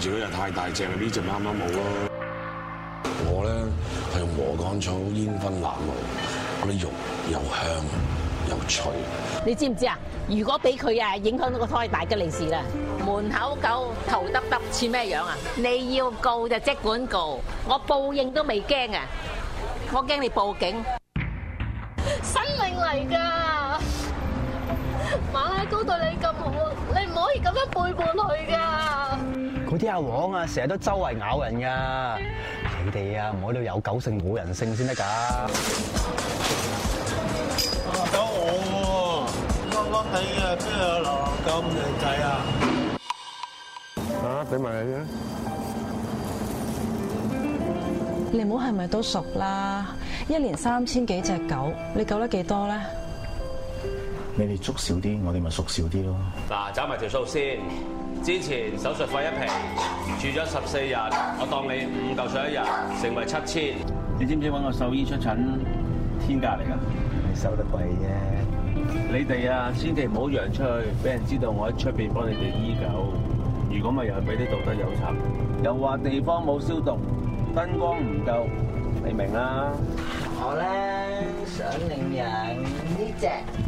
如果又太大隻，呢隻啱啱好咯。我咧係用禾稈草煙燻鴨肉，我啲肉又香又脆。你知唔知啊？如果俾佢啊影響到個胎，大吉利是啦。門口狗頭耷耷似咩樣啊？你要告就即管告，我報應都未驚啊！我驚你報警，生命嚟㗎。馬拉糕對你咁好，你唔可以咁樣背叛佢㗎。啲阿黃啊，成日都周圍咬人噶，你哋啊，唔好有狗性冇人性先得噶。狗我喎，笠笠地啊，邊有流浪狗咁靚仔啊？啊，俾埋你啦。你唔好係咪都熟啦？一年三千幾隻狗，你救得幾多咧？你哋捉少啲，我哋咪熟少啲咯。嗱，走埋條數先。之前手術費一皮，住咗十四日，我當你五嚿水一日，成為七千。你知唔知揾個獸醫出診？天價嚟㗎，收得貴啫。你哋啊，千祈唔好揚出去，俾人知道我喺出邊幫你哋醫狗。如果咪又俾啲道德有仇，又話地方冇消毒，燈光唔夠，你明啦。我咧想領養呢隻。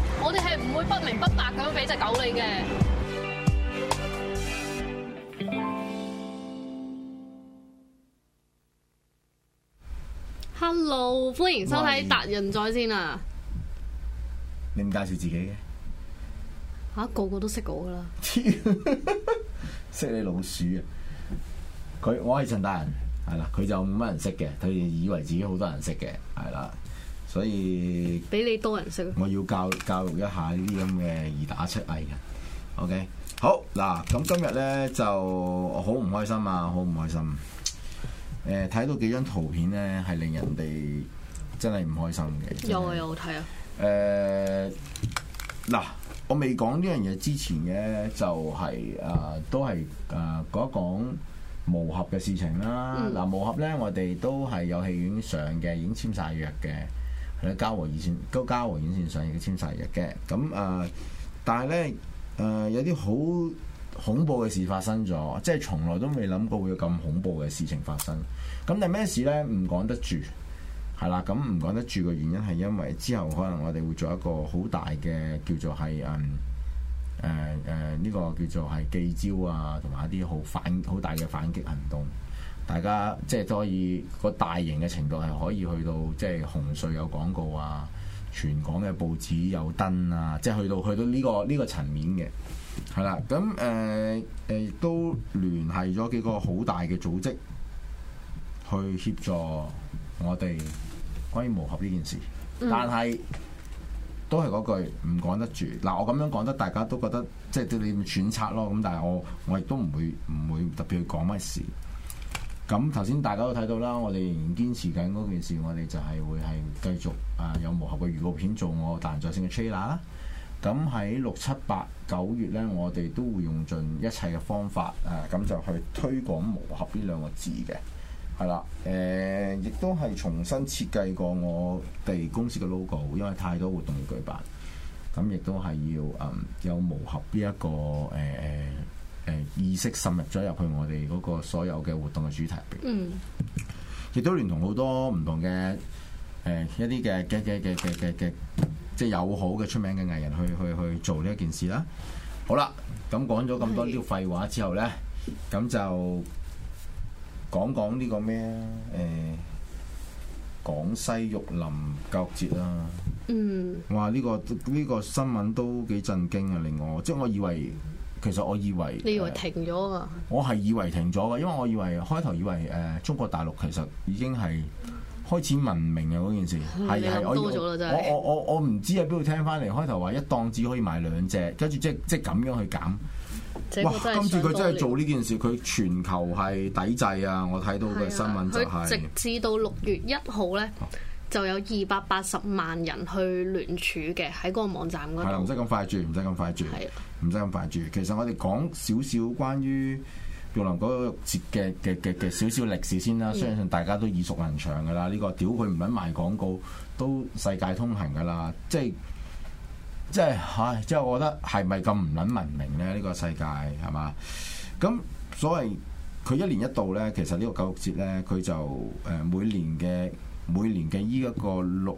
我哋係唔會不明不白咁樣俾隻狗你嘅。Hello，歡迎收睇達仁在線啊！你唔介紹自己嘅？吓，個個都識我噶啦。識你老鼠啊！佢，我係陳達仁，係啦。佢就冇乜人識嘅，佢以為自己好多人識嘅，係啦。所以比你多人識，我要教教育一下呢啲咁嘅二打七藝嘅。OK，好嗱，咁今日咧就好唔開心啊，好唔開心。誒、呃，睇到幾張圖片咧，係令人哋真係唔開心嘅。有啊，有睇啊。誒，嗱，我未講呢樣嘢之前咧、就是，就係啊，都係啊講一講毛俠嘅事情啦。嗱、嗯，毛俠咧，我哋都係有戲院上嘅，已經簽晒約嘅，喺嘉禾院線、嘉、嘉禾院線上已經簽晒約嘅，咁啊、呃，但係呢，誒、呃、有啲好恐怖嘅事發生咗，即係從來都未諗過會有咁恐怖嘅事情發生。咁但係咩事呢？唔講得住，係啦，咁唔講得住嘅原因係因為之後可能我哋會做一個好大嘅叫做係誒誒誒呢個叫做係記招啊，同埋一啲好反好大嘅反擊行動。大家即係都可以個大型嘅程度係可以去到即係紅隧有廣告啊，全港嘅報紙有登啊，即係去到去到呢個呢個層面嘅係啦。咁誒誒都聯繫咗幾個好大嘅組織去協助我哋關於毛俠呢件事，嗯、但係都係嗰句唔講得住嗱。我咁樣講得大家都覺得即係對你揣測咯，咁但係我我亦都唔會唔會特別去講乜事。咁頭先大家都睇到啦，我哋仍然堅持緊嗰件事，我哋就係會係繼續啊、呃、有毛俠嘅預告片做我達仁在線嘅 trailer 啦。咁喺六七八九月呢，我哋都會用盡一切嘅方法啊，咁、呃、就去推廣毛俠呢兩個字嘅，係啦。誒、呃，亦都係重新設計過我哋公司嘅 logo，因為太多活動要舉辦，咁亦都係要、呃、有毛俠呢一個誒、呃誒意識滲入咗入去我哋嗰個所有嘅活動嘅主題，嗯，亦都聯同好多唔同嘅誒一啲嘅嘅嘅嘅嘅嘅，即係友好嘅出名嘅藝人去去去做呢一件事啦。好啦，咁講咗咁多呢啲廢話之後咧，咁是就講講呢個咩啊？誒、欸，廣西玉林狗肉節啦、啊，嗯，哇！呢、呢個呢、呢個新聞都幾震驚啊，令我即係我以為。其實我以為你以為停咗啊！我係以為停咗嘅，因為我以為開頭以為誒、呃、中國大陸其實已經係開始文明嘅嗰件事，係係、嗯、是我真我我我我唔知喺邊度聽翻嚟，開頭話一檔只可以買兩隻，跟住即即係咁樣去減。哇！今次佢真係做呢件事，佢全球係抵制啊！我睇到嘅新聞就係、是啊、直至到六月一號咧。嗯就有二百八十萬人去聯署嘅，喺個網站嗰度。係啦，唔使咁快住，唔使咁快住，唔使咁快住。其實我哋講少少關於玉林教育節嘅嘅嘅嘅少少歷史先啦，相信大家都耳熟能詳噶啦。呢個屌佢唔撚賣廣告都世界通行噶啦，即係即係吓，即係我覺得係咪咁唔撚文明呢？呢個世界係嘛？咁所謂佢一年一度呢，其實呢個教育節呢，佢就誒每年嘅。每年嘅依一個六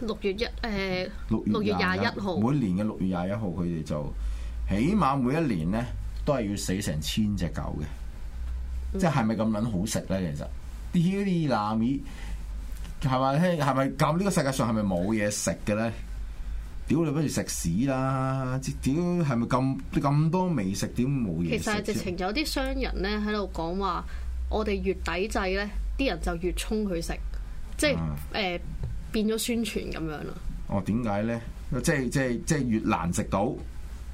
六月一、誒、呃、六月廿一號，每年嘅六月廿一號，佢哋就起碼每一年咧都係要死成千隻狗嘅，嗯、即係咪咁撚好食咧？其實啲嗰啲臘味係咪？係咪咁？呢、呢個世界上係咪冇嘢食嘅咧？屌你不如食屎啦！屌係咪咁咁多美食，點冇嘢食？其實直情有啲商人咧喺度講話，我哋越抵制咧。啲人就越衝去食，即係誒、嗯呃、變咗宣傳咁樣啦。哦，點解咧？即係即係即係越難食到，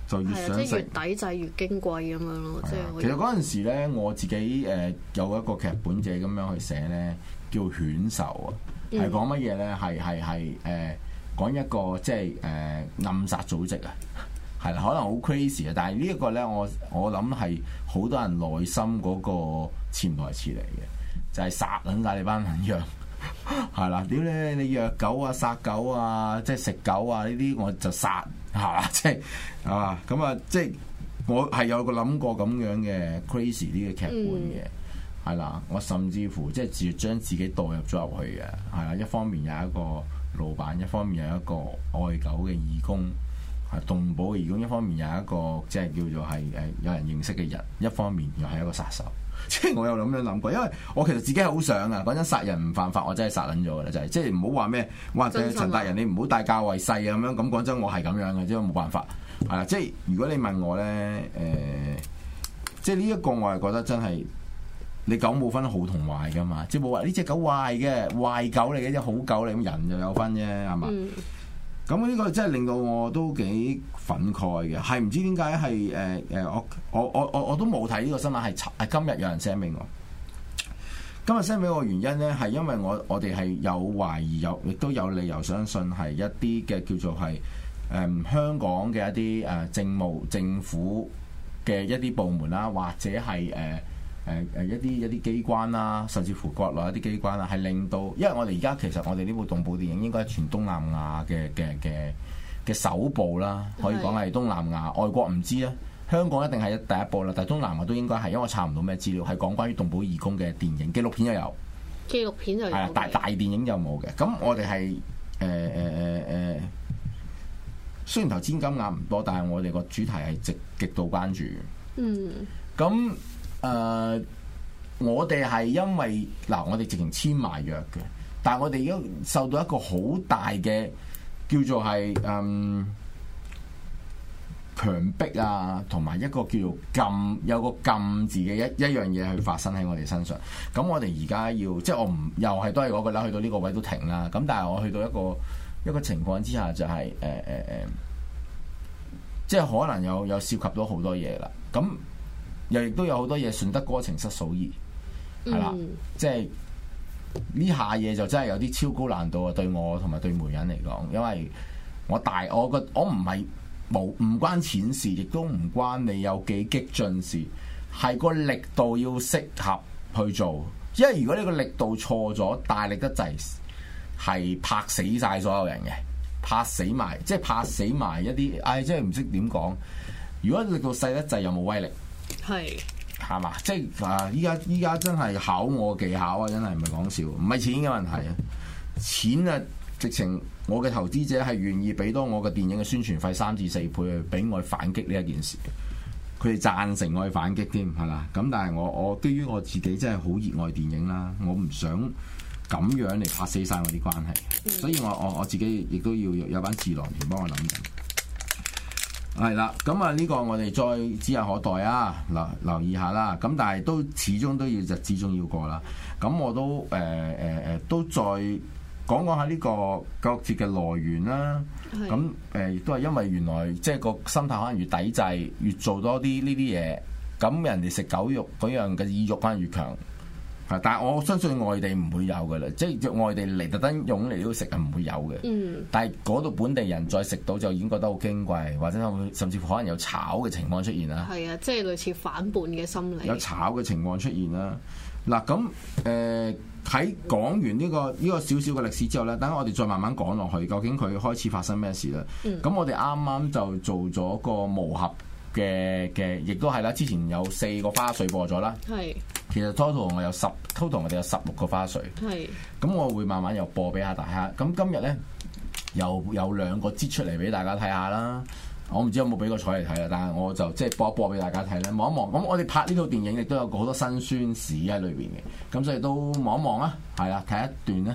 就越想食。越抵制越矜貴咁樣咯。即係的其實嗰陣時咧，我自己誒、呃、有一個劇本者咁樣去寫咧，叫《犬獸》啊，係講乜嘢咧？係係係誒講一個即係誒、呃、暗殺組織啊，係啦，可能好 crazy 啊，但係呢一個咧，我我諗係好多人內心嗰個潛台詞嚟嘅。就係殺咁大你班人虐，係 啦，屌你，你虐狗啊、殺狗啊、即係食狗啊呢啲，我就殺，係嘛？即係啊，咁啊，即係我係有個諗過咁樣嘅 crazy 呢個劇本嘅，係、嗯、啦。我甚至乎即係自將自己代入咗入去嘅，係啦。一方面有一個老闆，一方面有一個愛狗嘅義工，係動保嘅義工；一方面有一個即係叫做係誒有人認識嘅人，一方面又係一個殺手。即係 我又諗咁樣諗過，因為我其實自己係好想啊。講真，殺人唔犯法，我真係殺捻咗噶啦，就係即係唔好話咩，或者陳大人你唔好大教為世啊咁樣。咁講真，我係咁樣嘅。即係冇辦法啊。即係、就是、如果你問我咧，誒、呃，即係呢一個我係覺得真係，你狗冇分好同壞噶嘛，即係冇話呢隻狗壞嘅，壞狗嚟嘅，隻好狗嚟，咁人就有分啫，係嘛。嗯咁呢個真係令到我都幾憤慨嘅，係唔知點解係誒誒我我我我我都冇睇呢個新聞，係今日有人 send 俾我。今日 send 俾我原因呢，係因為我我哋係有懷疑有，亦都有理由相信係一啲嘅叫做係誒、呃、香港嘅一啲誒政務政府嘅一啲部門啦，或者係誒。呃誒誒一啲一啲機關啦，甚至乎國內一啲機關啦，係令到，因為我哋而家其實我哋呢部動保電影應該係全東南亞嘅嘅嘅嘅首部啦，可以講係東南亞是的 外國唔知啦，香港一定係第一部啦，但係東南亞都應該係，因為我查唔到咩資料，係講關於動保義工嘅電影紀錄片又有，紀錄片就有，係大大電影有冇嘅？咁我哋係誒誒誒誒，雖然投資金額唔多，但係我哋個主題係值極度關注。嗯，咁。誒、呃，我哋係因為嗱、呃，我哋直情簽埋約嘅，但係我哋已經受到一個好大嘅叫做係誒、呃、強迫啊，同埋一個叫做禁有個禁字嘅一一樣嘢去發生喺我哋身上。咁我哋而家要即係我唔又係都係嗰個啦，去到呢個位都停啦。咁但係我去到一個一個情況之下就係誒誒誒，即係可能有有涉及到好多嘢啦。咁又亦都有好多嘢，順德過程失所宜，係啦、嗯，即係呢下嘢就真係有啲超高難度啊！對我同埋對媒人嚟講，因為我大，我個我唔係無唔關錢事，亦都唔關你有幾激進事，係個力度要適合去做。因為如果你個力度錯咗，大力得滯，係拍死晒所有人嘅，拍死埋，即係拍死埋一啲，唉，即係唔識點講。如果力度細得滯，又冇威力。係，係嘛？即係依家依家真係考我技巧啊！真係唔係講笑，唔係錢嘅問題啊！錢啊，直情我嘅投資者係願意俾多我嘅電影嘅宣傳費三至四倍，俾我反擊呢一件事。佢哋贊成我去反擊添，係嘛？咁但係我我基於我自己真係好熱愛電影啦，我唔想咁樣嚟拍死晒我啲關係，所以我我我自己亦都要有班智囊團幫我諗緊。係啦，咁啊呢個我哋再指日可待啊，留留意下啦。咁但係都始終都要始終要過啦。咁我都誒誒誒，都再講講下呢個個節嘅來源啦。咁誒亦都係因為原來即係，就是，個心態可能越抵制，越做多啲呢啲嘢，咁人哋食狗肉嗰樣嘅意欲可能越強。但係我相信外地唔會有嘅啦，即係外地嚟特登用嚟呢度食係，唔會有嘅。嗯。但係嗰度本地人再食到就已經覺得好矜貴，或者甚至乎可能有炒嘅情況出現啦。係啊，即係類似反叛嘅心理。有炒嘅情況出現啦。嗱咁誒，喺、呃、講完呢、呢個呢、呢個少少嘅歷史之後咧，等我哋再慢慢講落去，究竟佢開始發生咩事咧？嗯。咁我哋啱啱就做咗個磨合。嘅嘅，亦都係啦。之前有四個花絮播咗啦。係，是的 其實 total 我有十，total 我哋有十六個花絮。係，咁我會慢慢又播俾下大家。咁今日咧，又有兩個擠出嚟俾大家睇下啦。我唔知有冇俾個彩嚟睇啦，但係我就即係播一播俾大家睇咧，望一望。咁我哋拍呢套電影亦都有好多辛酸史喺裏邊嘅，咁所以都望一望啦。係啦，睇一段咧。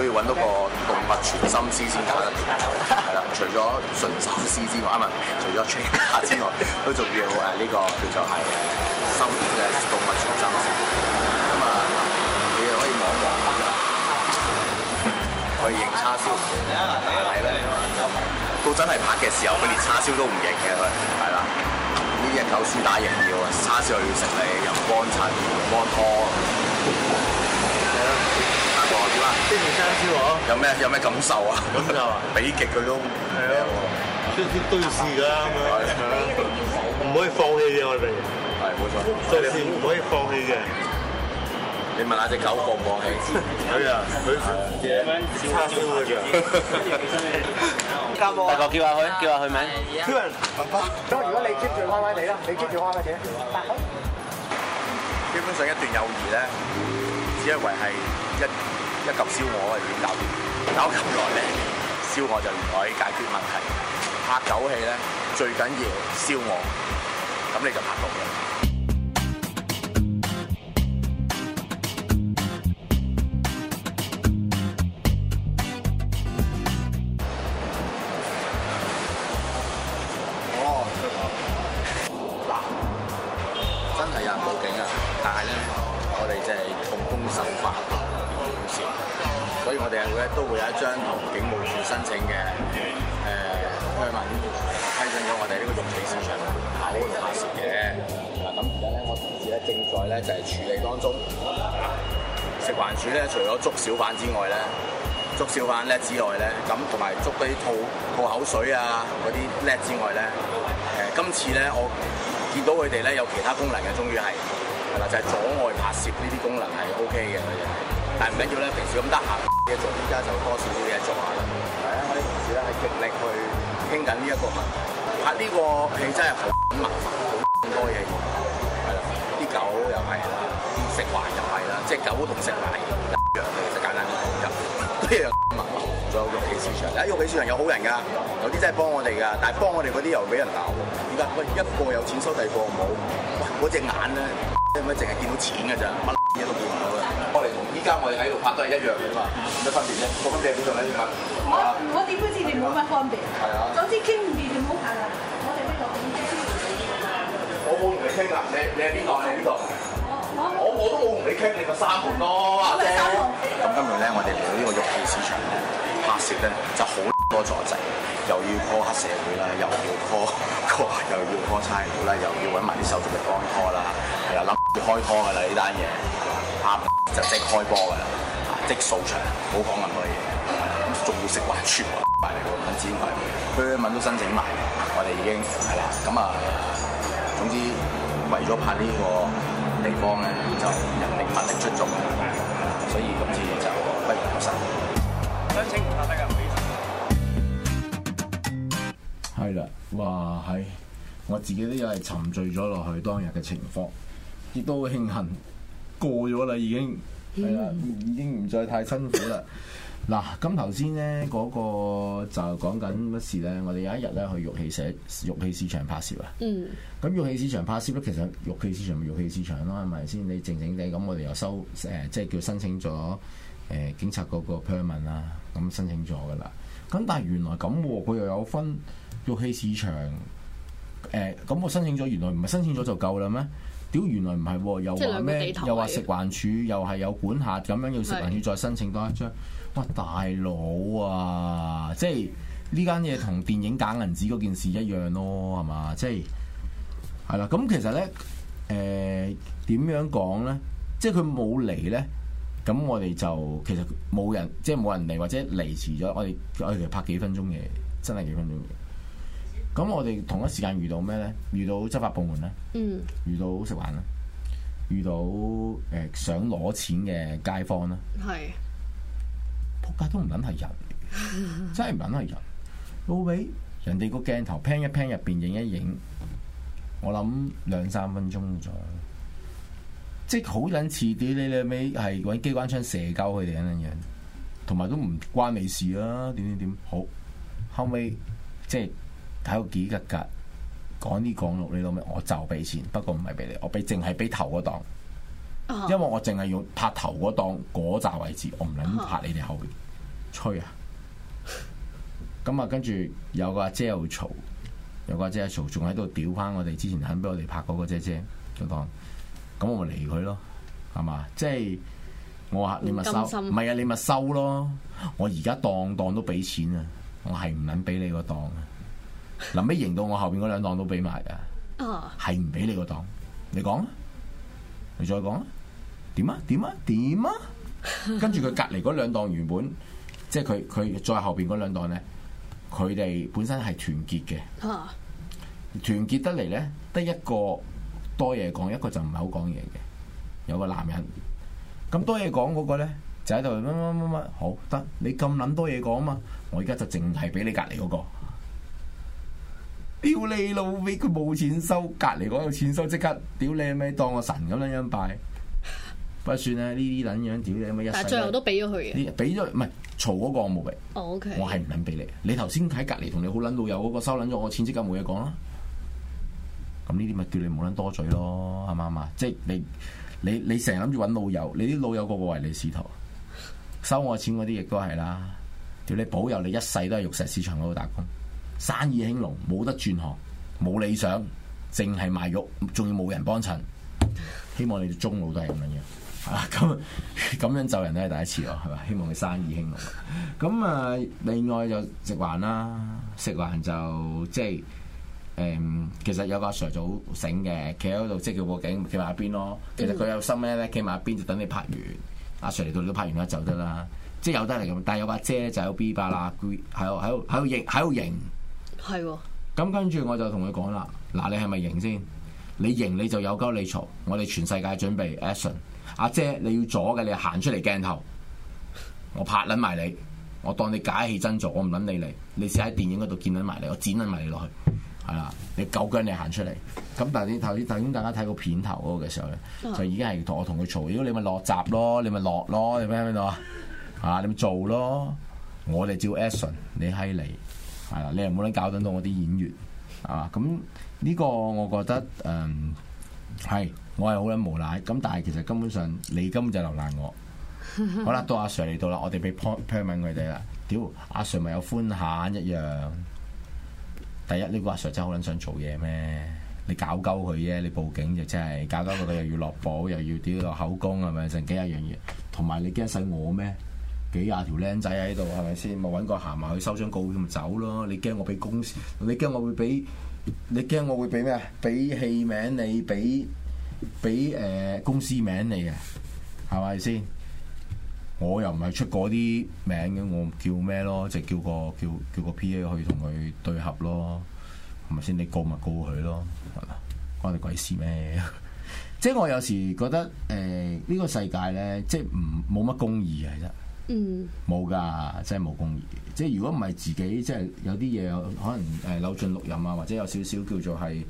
可以揾到個動物全心思先打得掂。係啦。除咗純心思之外，唔係除咗追卡之外，佢 仲要誒呢、呢個叫做係，心嘅動物全心思。咁、嗯、啊，你又可以摸望啦，可以認、嗯、叉燒，係啦，到真係拍嘅時候，佢連叉燒都唔認佢，係啦。呢啲啊狗輸打贏要啊，叉燒又要食你，又幫襯，又幫拖。嗱，呢條香蕉嗬，有咩有咩感受啊？感受啊！俾極佢都，係咯，都要都要試噶咁樣，唔可以放棄嘅我哋，係冇錯，即係唔可以放棄嘅。你問下隻狗放唔放棄？咁啊，佢嘢咩？笑笑嘅樣。大伯叫下佢，叫下佢咪？超人，阿伯，咁如果你接住歪歪地咧，你接住歪歪地。基本上一段友誼咧，只係為係一。一嚿燒鵝係點搞？搞咁耐咧，燒鵝就唔可以解決問題。拍狗戲呢，最緊要燒鵝，咁你就拍到。都會有一張同警務處申請嘅誒批文批准咗我哋呢個玉器市場喺嗰度拍攝嘅。嗱咁而家咧，我同事咧正在咧就係、是、處理當中。食環署咧，除咗捉小販之外咧，捉小販叻之外咧，咁同埋捉嗰啲吐吐口水啊嗰啲叻之外咧，誒、呃、今次咧我見到佢哋咧有其他功能嘅，終於係係啦，就係、是、阻礙拍攝呢啲功能係 O K 嘅。但唔緊要咧，平時咁得閒嘅做，依家就多少啲嘢做下啦。係啊，我哋而家係極力去傾緊呢一個問題，拍呢個戲真係好麻煩，好多嘢。係啦，啲狗又係啦，食環又係啦，即係狗同食環一樣嘅，其實簡單一樣麻煩。仲有肉皮市場，啊，肉皮市場有好人㗎，有啲真係幫我哋㗎，但係幫我哋嗰啲又俾人打喎。而家喂一個有錢收，第二個冇。喂，嗰隻眼咧，係咪淨係見到錢㗎咋？而家我哋喺度拍都係一樣嘅嘛，有咩分別啫？我今朝早上咧點啊？我我點開字面冇乜分別。係啊。總之傾唔掂就唔好拍啦。我哋我冇同你傾噶，你你喺邊度啊？你喺邊度？我我我都冇同你傾，你咪三號多啫。咁今日咧，我哋嚟到呢個玉器市場拍攝咧，就好多阻滯，又要 call 黑社會啦，又要 call call，又要 call 差佬啦，又要揾埋啲手續嚟幫拖啦，係啊，諗住開拖噶啦呢單嘢。拍 就即開波㗎喇，即掃場，冇講任何嘢。咁仲要食環署埋嚟喎，唔止呢個 s h e r 都申請埋，我哋已經係啦。咁啊、 嗯，總之為咗拍呢個地方咧，就人力物力出眾，所以今次就非常幸運。申請唔得嘅，係啦。 哇，係，我自己都又係沉醉咗落去當日嘅情況，亦都好慶幸。過咗啦，已經係啦，已經唔再太辛苦啦。嗱、 啊，咁頭先呢嗰個就講緊乜事呢？我哋有一日咧去玉器社、玉器市場拍攝啊。嗯。咁玉器市場拍攝咧，其實玉器市場咪玉器市場咯，係咪先？你靜靜地咁，我哋又收誒、呃，即係叫申請咗誒、呃、警察局嗰個 perm 啦、啊。咁申請咗㗎啦。咁但係原來咁，佢又有分玉器市場誒。咁、呃、我申請咗，原來唔係申請咗就夠啦咩？屌，原來唔係喎，又話咩？又話食環署，的又係有管轄，咁樣要食環署再申請多一張。的哇，大佬啊，即係呢間嘢同電影揀銀紙嗰件事一樣咯，係嘛？即係係啦。咁其實咧，誒、呃、點樣講咧？即係佢冇嚟咧，咁我哋就其實冇人，即係冇人嚟，或者嚟遲咗。我哋我哋拍幾分鐘嘢，真係幾分鐘嘢。咁我哋同一時間遇到咩咧？遇到執法部門咧、嗯，遇到食環咧，遇到誒想攞錢嘅街坊啦，係仆街都唔撚係人， 真係唔撚係人。老尾人哋個鏡頭 pan 一 pan 入邊影一影，我諗兩三分鐘咗，即係好撚遲啲。你後尾係揾機關槍射鳩佢哋咁樣，同埋都唔關你事啦、啊。點點點好後尾即係。睇到幾格格講啲講六，你老咩？我就俾錢，不過唔係俾你，我俾淨係俾頭嗰檔，oh. 因為我淨係要拍頭嗰檔嗰扎位置，我唔捻拍你哋後邊吹啊。咁啊，跟住有個阿姐，姐又嘈，有個阿姐，姐又嘈，仲喺度屌翻我哋之前肯俾我哋拍嗰個姐姐檔。咁我咪嚟佢咯，係嘛？即係我話你咪收，唔係啊？你咪收咯。我而家檔檔都俾錢啊，我係唔捻俾你個檔啊。臨尾贏到我後邊嗰兩檔都俾埋噶，係唔俾你個檔？你講啊，你再講啊，點啊？點啊？點啊？跟住佢隔籬嗰兩檔原本，即係佢佢再後邊嗰兩檔咧，佢哋本身係團結嘅，團結得嚟咧，得一個多嘢講，一個就唔係好講嘢嘅。有個男人，咁多嘢講嗰個咧，就喺度乜乜乜乜，好得你咁撚多嘢講啊嘛，我而家就淨係俾你隔籬嗰個。屌你老味，佢冇錢收，隔籬嗰個錢收即刻，屌你咩，當個神咁樣樣拜，不過算啦，呢啲撚樣，屌你咩？一世。但最後都俾咗佢嘅。俾咗，唔係嘈嗰個我冇、oh, okay. 我係唔肯俾你。你頭先喺隔籬同你好撚老友嗰個收撚咗我錢，即刻冇嘢講啦。咁呢啲咪叫你冇撚多嘴咯，啱唔啱啊？即係你你你成日諗住揾老友，你啲老友個個為你仕途，收我的錢嗰啲亦都係啦，屌你保佑你一世都係玉石市場嗰度打工。生意興隆，冇得轉行，冇理想，淨係賣肉，仲要冇人幫襯。希望你哋中路都係咁樣樣。咁咁樣就人都係第一次咯，係咪？希望你生意興隆。咁啊，另外就食環啦，食環就即係誒，其實有個阿 Sir 好醒嘅，企喺度即係叫警，企埋一邊咯。其實佢有心咩咧？企埋一邊就等你拍完，阿 Sir 嚟到你都拍完啦，走得啦。即係有得嚟咁，但係有把遮就有 B 巴拉，喺度喺度喺度影喺度影。係喎，咁 跟住我就同佢講啦。嗱，你係咪贏先？你贏你就有鳩你嘈。我哋全世界準備 action。阿姐你要阻嘅，你行出嚟鏡頭，我拍撚埋你。我當你假戲真做，我唔撚你嚟，你試喺電影嗰度見撚埋你，我剪撚埋你落去。係啦，你夠薑你行出嚟。咁但係你頭頭先大家睇個片頭嗰個嘅時候，就已經係同我同佢嘈。如果你咪落閘咯，你咪落咯。你聽唔聽啊？啊，你咪、啊、做咯。我哋照 action，你閪嚟。係啦， 你又冇撚搞等到我啲演員，係咁呢個我覺得誒係、嗯，我係好撚無奈。咁但係其實根本上你根本就留難我。好啦，到阿 Sir 嚟到啦，我哋俾 permit 佢哋啦。屌，阿 Sir 咪有寬限一樣。第一呢個阿 Sir 真係好撚想做嘢咩？你搞鳩佢啫，你報警就真係搞鳩佢，佢又要落簿，又要屌落口供係咪？成幾啊樣嘢，同埋你驚使我咩？幾廿條僆仔喺度，係咪先？咪揾個行埋去收張告，咪走咯。你驚我俾公司？你驚我會俾？你驚我會俾咩啊？俾戲名你，俾俾誒公司名你嘅係咪先？我又唔係出嗰啲名嘅，我叫咩咯？即係、叫個叫叫個 P.A. 去同佢對合咯，係咪先？你告咪告佢咯，係啦，關你鬼事咩？ 即係我有時覺得誒呢、呃呢個世界咧，即係唔冇乜公義嘅，真。嗯，冇噶，真係冇公義。即係如果唔係自己，即係有啲嘢可能誒扭進錄音啊，或者有少少叫做係誒、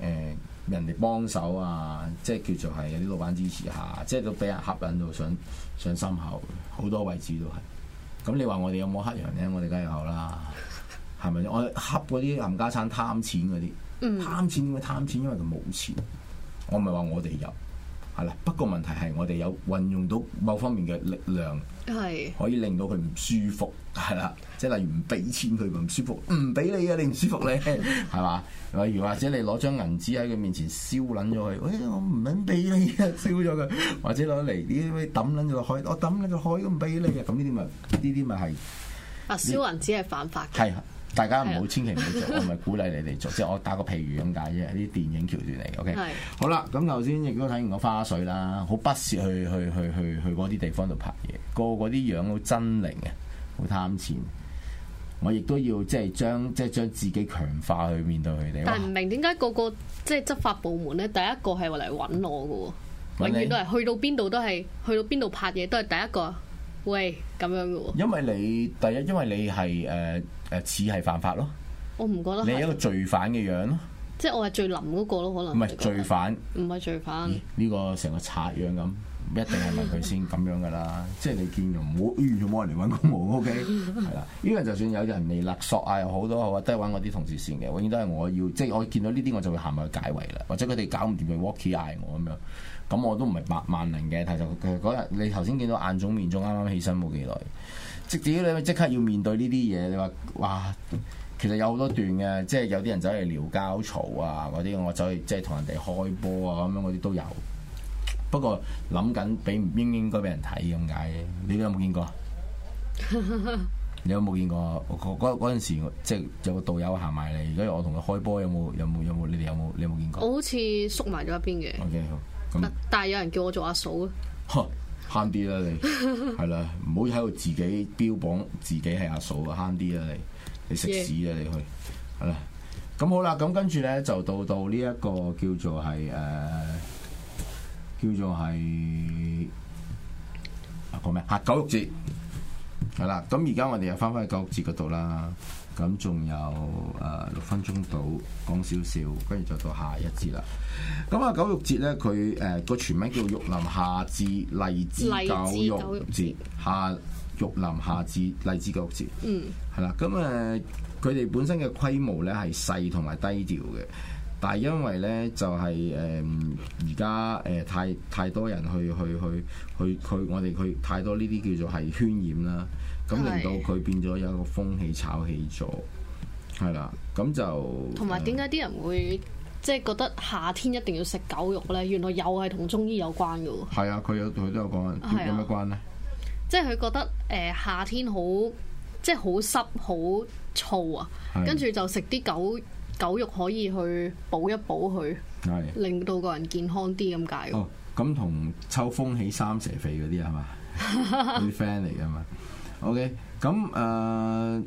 呃、人哋幫手啊，即係叫做係有啲老闆支持下，即係都俾人恰引到，上想心口好多位置都係。咁你話我哋有冇黑人咧？我哋梗係有啦，係咪我恰嗰啲冚家鏟貪錢嗰啲，嗯、貪錢點會貪錢？因為佢冇錢。我唔係話我哋有。係啦，不過問題係我哋有運用到某方面嘅力量，的可以令到佢唔舒服，係啦，即係例如唔俾錢佢唔舒服，唔俾你啊，你唔舒服你係嘛？例如 或者你攞張銀紙喺佢面前燒撚咗佢，誒、哎、我唔肯俾你啊，燒咗佢，或者攞嚟啲咩抌撚咗落海，我抌撚咗海都唔俾你嘅，咁呢啲咪呢啲咪係啊？燒銀紙係犯法嘅。係。大家唔好，千祈唔好做，我唔係鼓勵你哋做， 即係我打個譬如咁解啫，啲電影橋段嚟。OK? 是好啦，咁頭先亦都睇完個花絮啦，好不屑去去去去去嗰啲地方度拍嘢，個個啲樣好猙獰嘅，好貪錢。我亦都要即係將即係將自己強化去面對佢哋。但唔明點解個個即係執法部門咧，第一個係話嚟揾我嘅喎，永遠都係去到邊度都係去到邊度拍嘢都係第一個。喂，咁樣嘅喎。因為你第一，因為你係誒誒似係犯法咯。我唔覺得。你係一個罪犯嘅樣咯。即係我係最冧嗰個咯，可能。唔係罪犯。唔係罪犯。呢、欸呢個成個賊樣咁。一定係問佢先咁樣噶啦，即係你見唔好完全冇人嚟揾、哎、工冇，OK，係啦。 呢個就算有人嚟勒索啊，又好都好啊，都係揾我啲同事先嘅。永遠都係我要，即係我見到呢啲我就會行埋去解圍啦，或者佢哋搞唔掂佢 walkie 嗌我咁樣，咁我都唔係百萬能嘅。但係就其實嗰日你頭先見到眼腫面腫，啱啱起身冇幾耐，即係至於你即刻要面對呢啲嘢，你話哇，其實有好多段嘅，即係有啲人走嚟撩交嘈啊嗰啲，我走去即係同人哋開波啊咁樣嗰啲都有。不過諗緊，俾應唔應該俾人睇咁解嘅？你哋有冇見過？ 你有冇見過？嗰嗰陣時，即係有個導遊行埋嚟，而家我同佢開波，有冇有冇有冇？你哋有冇？你有冇見過？我好似縮埋咗一邊嘅。O、okay, K，好。咁，但係有人叫我做阿嫂啊！慳啲啦，你係啦，唔好喺度自己標榜自己係阿嫂啊！慳啲啦，你你食屎啊！你去 Yeah.，係啦。咁 好啦，咁跟住咧就到到呢一個叫做係誒。叫做係啊，講咩啊？狗肉節係啦，咁而家我哋又翻翻去狗肉節嗰度啦。咁仲有誒、呃、六分鐘到，講少少，跟住就到下一節啦。咁啊，狗肉節咧，佢誒個全名叫玉林夏至荔枝狗肉節，下玉林夏至荔枝狗肉節。嗯。係啦，咁誒，佢、呃、哋本身嘅規模咧係細同埋低調嘅。但係因為咧，就係誒而家誒太太多人去去去去去，我哋佢太多呢啲叫做係渲染啦，咁令到佢變咗有個風氣炒起咗，係啦，咁就同埋點解啲人會即係、就是、覺得夏天一定要食狗肉咧？原來又係同中醫有關嘅喎。係啊，佢有佢都有講，有咩關咧、呃？即係佢覺得誒夏天好即係好濕好燥啊，跟住的就食啲狗。狗肉可以去補一補佢，係的令到個人健康啲咁解。哦，咁同秋風起三蛇肥嗰啲係嘛？啲 friend 嚟噶嘛？OK，咁誒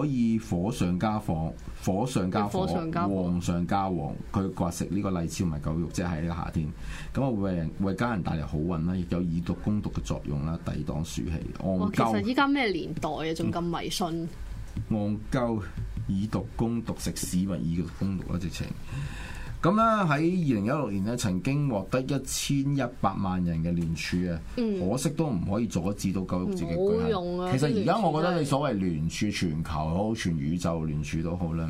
可以火上加火， 火上加火，旺上加旺。佢話食呢個荔枝同埋狗肉，即係喺呢個夏天，咁啊為人為家人帶嚟好運啦，亦有以毒攻毒嘅作用啦，抵擋暑氣。戇鳩、哦，其實依家咩年代啊，仲咁迷信？戇鳩、嗯。以毒攻毒，食屎咪以毒攻毒咯，直情。咁咧喺二零一六年咧，曾經獲得一千一百萬人嘅聯署嘅，嗯、可惜都唔可以阻止到教育自己舉行。冇用啊！其實而家我覺得你所謂聯署，聯署全球好，全宇宙聯署都好啦。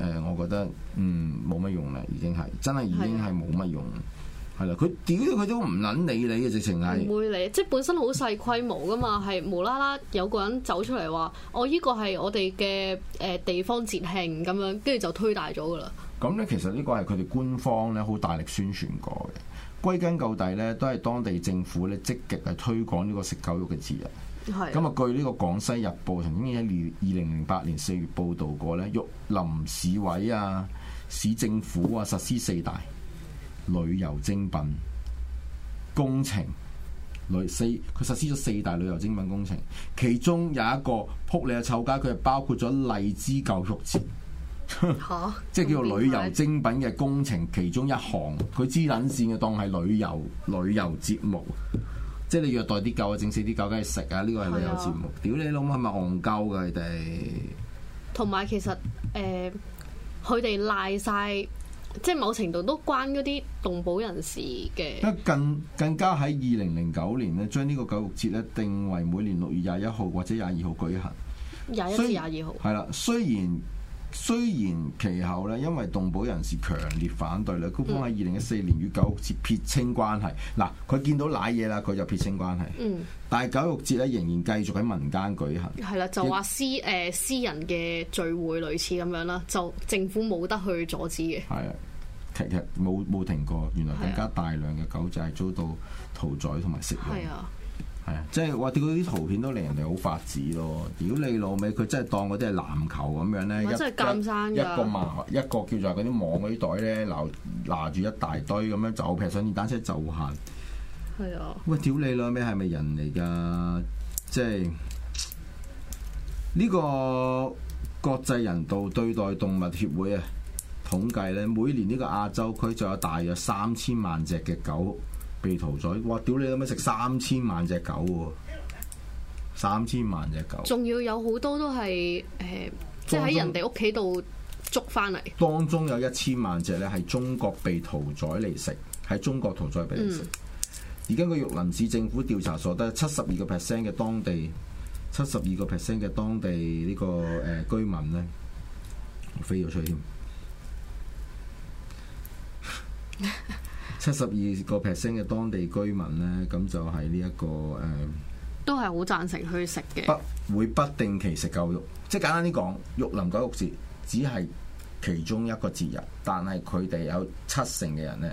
誒、呃，我覺得嗯冇乜用啦，已經係真係已經係冇乜用。係啦，佢屌佢都唔撚理你嘅，直情係唔會理會。即係本身好細規模噶嘛，係無啦啦有個人走出嚟話：哦、我依個係我哋嘅誒地方節慶咁樣，跟住就推大咗噶啦。咁咧，其實呢個係佢哋官方咧好大力宣傳過嘅。歸根究底咧，都係當地政府咧積極係推廣呢個食狗肉嘅節日。係的。咁啊，據呢個《廣西日報》曾經喺二二零零八年四月報導過咧，玉林市委啊、市政府啊實施四大旅遊精品工程，旅四佢實施咗四大旅遊精品工程，其中有一個仆你嘅臭街，佢係包括咗荔枝狗肉節，即係叫做旅遊精品嘅工程其中一項，佢支捻綫嘅當係旅遊旅遊節目，即係你虐待啲狗啊，整死啲狗梗係食啊，呢個係旅遊節目，屌你老母係咪戇鳩㗎你哋？同埋其實誒，佢哋賴晒。即係某程度都關嗰啲動保人士嘅。得更更加喺二零零九年呢，將呢個狗肉節呢定為每年六月廿一號或者廿二號舉行。廿一至廿二號。係啦，雖然。雖然其後咧，因為動保人士強烈反對，官方喺二零一四年與狗肉節撇清關係。嗱，佢見到瀨嘢啦，佢就撇清關係。嗯，但係狗肉節咧仍然繼續喺民間舉行。係啦、啊，就話私誒、呃、私人嘅聚會類似咁樣啦，就政府冇得去阻止嘅。係啊，其實冇冇停過。原來更加大量嘅狗仔遭到屠宰同埋食用。 即係，話啲圖片都令人哋好發指咯！屌你老味，佢真係當嗰啲係籃球咁樣咧，一一個網 一個叫做嗰啲網嗰啲袋咧，拿拿住一大堆咁樣就劈上電單車就行。係啊！喂，屌你老味係咪人嚟噶？即係呢個國際人道對待動物協會啊，統計咧，每年呢個亞洲區就有大約三千萬隻嘅狗。被屠宰，哇！屌你諗乜食三千萬隻狗？三千萬隻狗、啊、狗，仲要有好多都係誒，呃、中即係喺人哋屋企度捉翻嚟。當中有一千萬隻咧，係中國被屠宰嚟食，喺中國屠宰俾你食。而家個玉林市政府調查所得，七十二個 percent 嘅當地，七十二個 percent 嘅當地呢、這個誒、呃、居民咧，飛咗出去添。 七十二個 percent 嘅當地居民呢，咁就喺呢一個誒，呃、都係好贊成去食嘅。不會不定期食狗肉，即係簡單啲講，玉林狗肉節只係其中一個節日，但係佢哋有七成嘅人呢，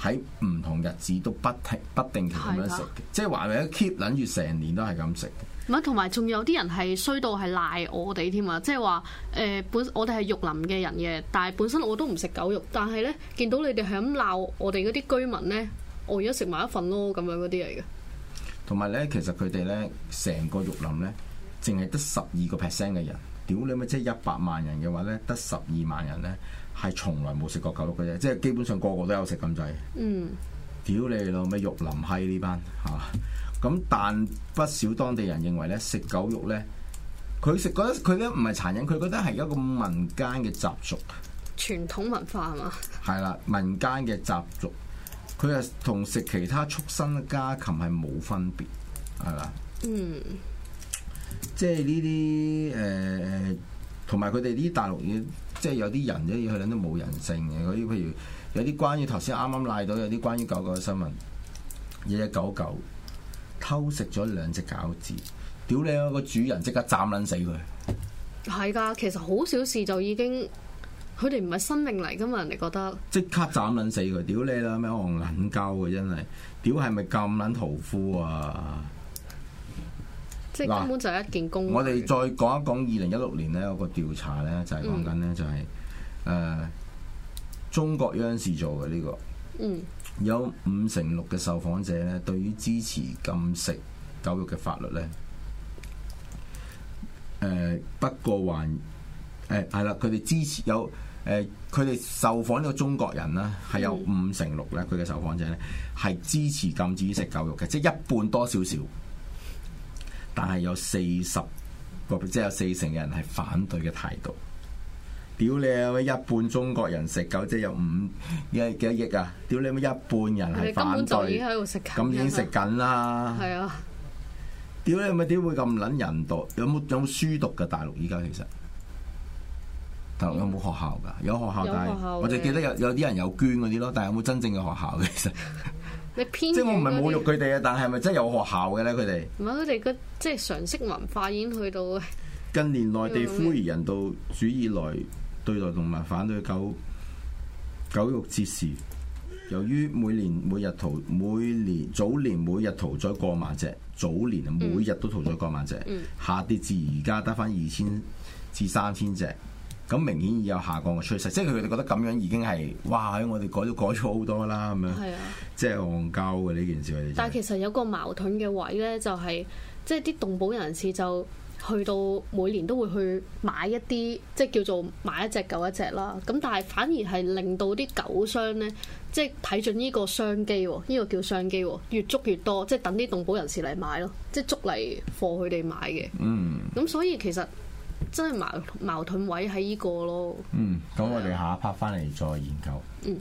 喺唔同日子都不停不定期咁樣食嘅，的即係話係 keep 諗住成年都係咁食。同埋仲有啲人係衰到係賴我哋添啊！即係話誒，本我哋係玉林嘅人嘅，但係本身我都唔食狗肉，但係咧見到你哋係咁鬧我哋嗰啲居民咧，我而家食埋一份咯，咁樣嗰啲嚟嘅。同埋咧，其實佢哋咧，成個玉林咧，淨係得十二個 percent 嘅人，屌你咪即係一百萬人嘅話咧，得十二萬人咧，係從來冇食過狗肉嘅啫，即係基本上個個都有食咁滯。嗯，屌你老咩玉林閪呢班嚇！啊咁但不少當地人認為咧，食狗肉咧，佢食覺得佢咧唔係殘忍，佢覺得係一個民間嘅習俗，傳統文化係嘛？係啦，民間嘅習俗，佢係同食其他畜生嘅家禽係冇分別，係啦。嗯，即係呢啲誒，同埋佢哋啲大陸嘢，即係有啲人咧，佢哋都冇人性嘅。嗰啲譬如有啲關於頭先啱啱賴到有啲關於狗狗嘅新聞，日日狗狗。偷食咗兩隻餃子，屌你啊！個主人即刻斬撚死佢。係噶，其實好小事就已經，佢哋唔係生命嚟噶嘛？人哋覺得即刻斬撚死佢，屌你啦！咩戇撚鳩嘅真係，屌係咪咁撚屠夫啊？即係根本就係一件工具。我哋再講一講二零一六年咧，有個調查咧、就是，就係講緊咧，就係誒中國央視做嘅呢、呢個。嗯。有五成六嘅受訪者咧，對於支持禁食狗肉嘅法律咧、呃，不過還係啦，佢、呃、哋支持有佢哋、呃、受訪呢個中國人啦，係有五成六咧，佢嘅受訪者咧係支持禁止食狗肉嘅，即、就、係、是、一半多少少，但係有四十個，即係有四成嘅人係反對嘅態度。屌你啊！咪一半中國人食狗，即係有五一幾多億啊！屌你咪一半人係反對，咁已經食緊啦。係啊！屌你咪點會咁撚人道？有冇有冇書讀嘅大陸依家其實？大陸有冇學校㗎？有學校，但係我就記得有有啲人有捐嗰啲咯。但係有冇真正嘅學校其實？你偏即我唔係侮辱佢哋啊！但係咪真係有學校嘅咧？佢哋唔係佢哋個即係常識文化已經去到近年內地呼籲人道主義來。對待動物，反對狗狗肉節時，由於每年每日屠，每年早年每日屠宰過萬隻，早年每日都屠宰過萬隻，嗯、下跌至而家得返二千至三千隻，咁明顯已有下降嘅趨勢，即係佢哋覺得咁樣已經係哇！我哋改咗改咗好多啦，咁樣、啊，即係戇鳩嘅呢件事。但係其實有個矛盾嘅位咧、就係，就係即係啲動保人士就。去到每年都會去買一啲，即係叫做買一隻狗一隻啦。咁但係反而係令到啲狗商呢，即係睇準呢個商機，呢個叫商機，越捉越多，即係等啲動保人士嚟買咯，即係捉嚟貨佢哋買嘅。嗯，咁所以其實真係矛矛盾位喺呢個咯。嗯，咁我哋下一 part 翻嚟再研究。嗯。